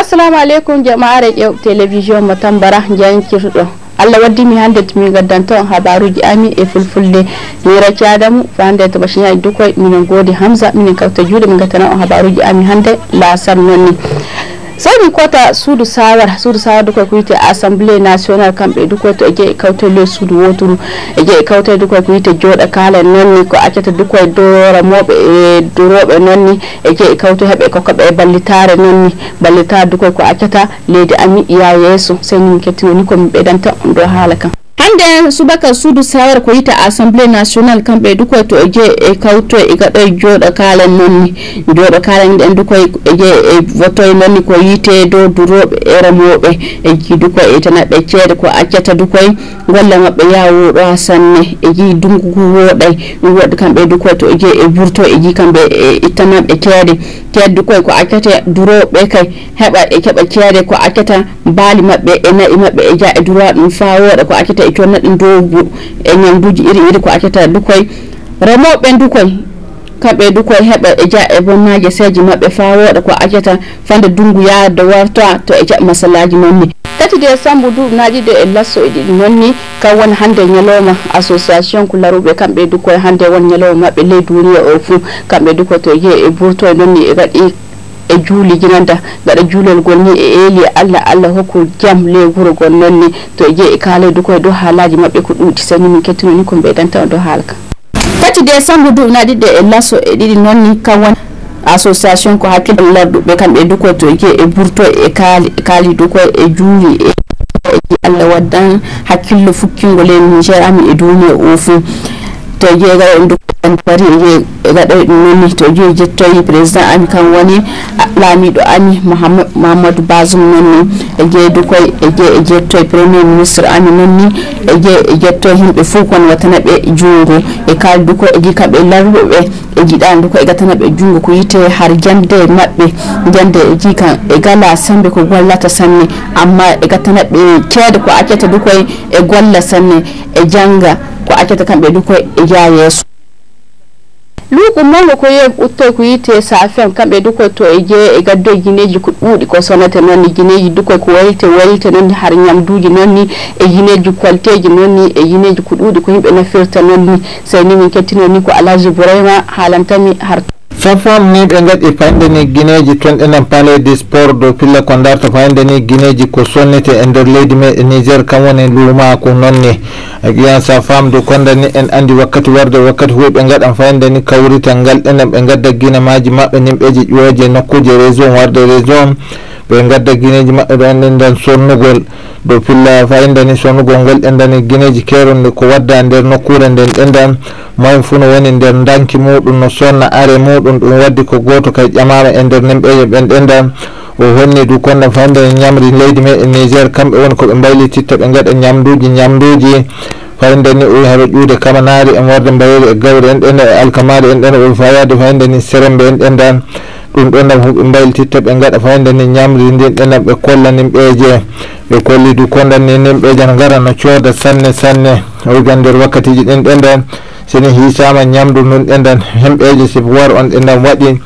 assalamu alaikum jama'ar yau television matambara jan kirdo Allah waddi mi hande mi gaddanto habaru ji ami e fulfulde mi raci adamu fande to bashiya dukoi min godi hamza mini kauta jude min gatana on habaru ji ami hande la sam nonni sani kota suudu sawar suudu sawar dukoy ko wiyte assemblé national kamɓe e dukoyto e jeeyi kawte le suudu woturu e jeeyi kawte e dukoy ko wiyte jooɗa kaala nonni ko accata dukoye dora moɓe e duroɓe e nonni e jeeyi kawto heeɓe kokkaɓe e ballitare nonni ballitare dukoy ko accata leydi ami iya yesso sanimi kettino ni komin ɓeydanta ɗo haala kam hande subaka suudu sawara ko yita assemblé national kamɓe e dukoy to je e kawto e, e gaɗo jooɗo kaalen nonni jooɗo kaalen ɗen dukoy e je e votoy nonni ko yite dow duroɓe e remoɓe e ji dukoy e tanaɓe ceede ko accata dukoy golle mabɓe yaa wuuɗo ha sanne e ji dungu ngu wooɗay wood kamɓe dukoy to je e vurto e ji kamɓe tanaɓe ceede ceede dukoy ko accata duroɓe kay heɓa e keɓa ceede ko accata baali mabɓe e nayi mabɓe e ja e duroa ɗum fa wooɗa ko accata e jonna ɗin dowbu e ñamduji iri iri ko accata e dukoy remoɓe dukoy kamɓe dukoy heɓa e ja e bonnaji seeje mabɓe fa woɗa ko accata fande ndungu yaade warta to e jaɓ masalaji nonni tati décembre duuɓi naɗiɗo e lasso e ɗiɗi nonni kam woni hannde ñalowma association ko laruɓe kamɓe dukoy hannde won ñalowma mabɓe leydi wuri o fuu kamɓe dukoy to yee e burtoy nonni e waɗi e juuli jinanta gaɗa juulol gol ni e eeli allah allah hokku jam leguro gol noon ni to e jee e kaala du koye dow haalaji maɓɓe ko ɗuuɗi sani min kettino ni ko mbeydanta o dow haala ka tati décembre duna ɗiɗɗe e lasso e ɗiɗi noon ni kam woni association ko hakkille e lardɓe kamɓe du koye to e jee e burto e kaali kaali du koye e juuli e ji allah waddan hakkillo fukkingo le nigér ami e duniya o fou to e jeegaɗa e du en pari e gaɗay e ɗum noni to joyi jettoyi président ami kan woni laamiɗo ami mahamadou basum nonni e jeydu koye e jee e jettoye premier ministre ami nonni e jee e jettoye himɓe fof kon watanaɓe juungo e kaldu ko e jii kamɓe larɓeɓe e jiɗandu ko e gatanaɓe juungo ko yite har jande mabɓe jande e jii kan e gala sembe ko gollata sanne amma e gatanaɓe ceede ko accata du koye e golla sanne e janga ko accata kamɓe du koye e jaa yesso lugu molo ko ye utto ko yite safen kambe duko to e je e gaddo jineji ko duudi ko sonata ni jineji duko ko walte walte non har nyam duuji non ni e jineji kwalteji non ni e jineji ko duudi ko himbe nafirta non ni sai ni min kettino ni ko alaji burayma halantami har sappoon ni ɓe gaɗi fayde ni guineji tonɗenen palais du sport dow pille ko darta fayde ni guineji ko sonnete e nder leydi meɗe niger kam woni lumako nonni yiyan sa famde kondani en andi wakkati warde wakkati hoy ɓe gaɗan fayde ni kawrita ngal ɗenen ɓe gadda guine maji mabɓe nimɓeji ƴooje nokkuji région warde région ɓe gadda guineji maɓɓe ɓe ande ndan sonnugol ɗo pilla fa endani sonnugol ngol endani guineji keronde ko wadda nder nokkure nden ɗendan moyen fuu no woni nder danki muɗum no sonna are muɗum ɗum waddi ko goto kay ƴamama e nder nemɓeje ɓen ɗendan o honni du konɗan fa endani ñamri leydi meɗen niger kamɓe woni koɓe mbaylititta ɓe gaɗa ñamduji ñamduji fayndeni o wi haɓe ƴuude kamanaari en warde mbayeri e gawri en ɗenda e alkamaari en ɗenda o wi fayaade fayndeni sérembe en ɗendan ɗum ɗon ɗam hoɓe mbaylititta ɓe gaɗa fayde ni ñamri ndin ɗon ɗam ɓe kollanimɓeje ɓe kolli du kondanni nimɓeje no gara no cooda sanne sanne oygan nder wakkatiji ɗin ɗenɗan sene hisama ñamdu nun ɗenɗan hemɓeje si war on ɗenɗan waɗi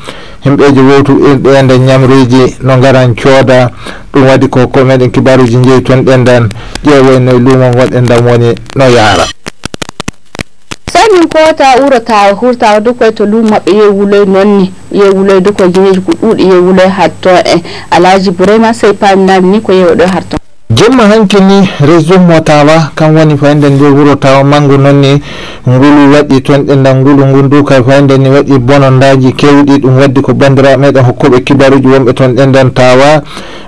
himɓeji wowtu ɗende ñamriji no garan cooda ɗum waɗi ko ko meɗen kibaruji jeeyi ton ɗenɗan ƴeewoy noye lumo ngon ɗenɗan woni no yaara min kowata wuro ta hurtawa dokoye to lum maɓɓe ye wuloy noonni ye wuloy dokoye guineji ko ɗuuɗi ye wuloy hatto e eh, alaji bourayma sey paminami ni ko yewoɗo harton jemma hanke ni réseau mo tawa kam woni fayde nde wuro tawa mangu noonni ngulu waɗi toon ɗendal ngulu ngu ndu kay fayde ni waɗi bonondaji kewɗi ɗum waddi ko bandira meɗen hokkoɓe kibaruji wonɓe toon ɗendan tawa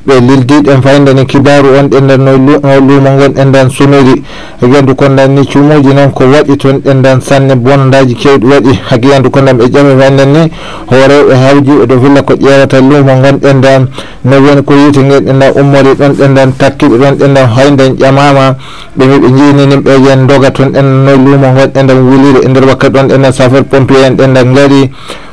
ɓe lildiɗen fayde ni kibaru on ɗendan no lumo ngon ɗendan sumiri hagiyandu kondan ni cumuji noon ko waɗi toon ɗendan sanne bonondaji kewɗi waɗi hagiyandu kondan ɓe ƴame fayden ni horewɓe hawji ɓeɗo filla ko ƴewata lumo ngon ɗendan no woni ko yiti ngen ɗendan ummori ɗon ɗendan takki ɓe ɗon ɗenɗan hoyden ƴamama ɓemi ɓe jeninin ɓe yen doga toon ɗen no lumo ngon ɗenɗan wuliri e nder wakkati ɗon ɗenɗan safere pompier en ɗenɗan gaari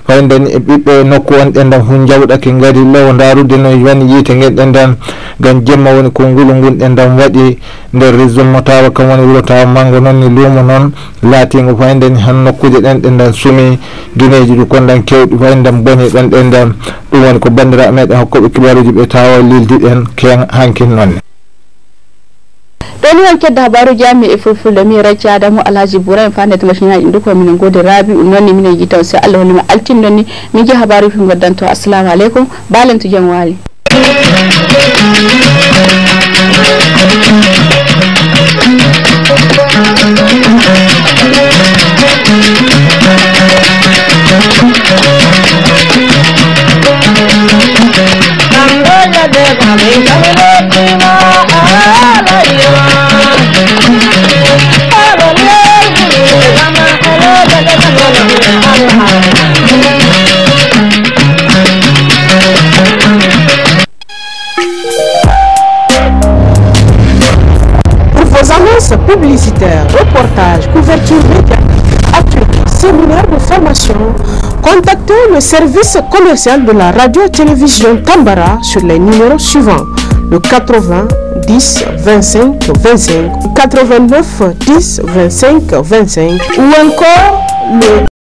hoyden e ɓiɓɓe nokku on ɗenɗan hu jawɗake gaari low darude no wani yiite gen ɗenɗan gam jemma woni kongulu ngun ɗenɗan waɗi nder région mo tawa kam woni wuuro tawa manggo noon ni lumo noon latingo fayden han nokkuje ɗen ɗenɗan suumi duneji ɗi konɗan kewɗi fayden boni ɗon ɗenɗan ɗum woni ko bandiraɓe meɗen hokkoɓe kibaruji ɓe tawa lildiɗen ke hankin nonne don toni wanke da habaru jami da mai rakiya da mu alhaji buran fana ta mashin in duk min gode rabi ne min gitan sai allah ni altin ne mun ji habaru fin gaddan to assalamu alaikum balan tu Thank you. Pour vos annonces publicitaires, reportages, couvertures médias, appuis, séminaires de formation, contactez le service commercial de la radio-télévision Tambara sur les numéros suivants. Le 80 10 25 25 89 10 25 25 ou encore le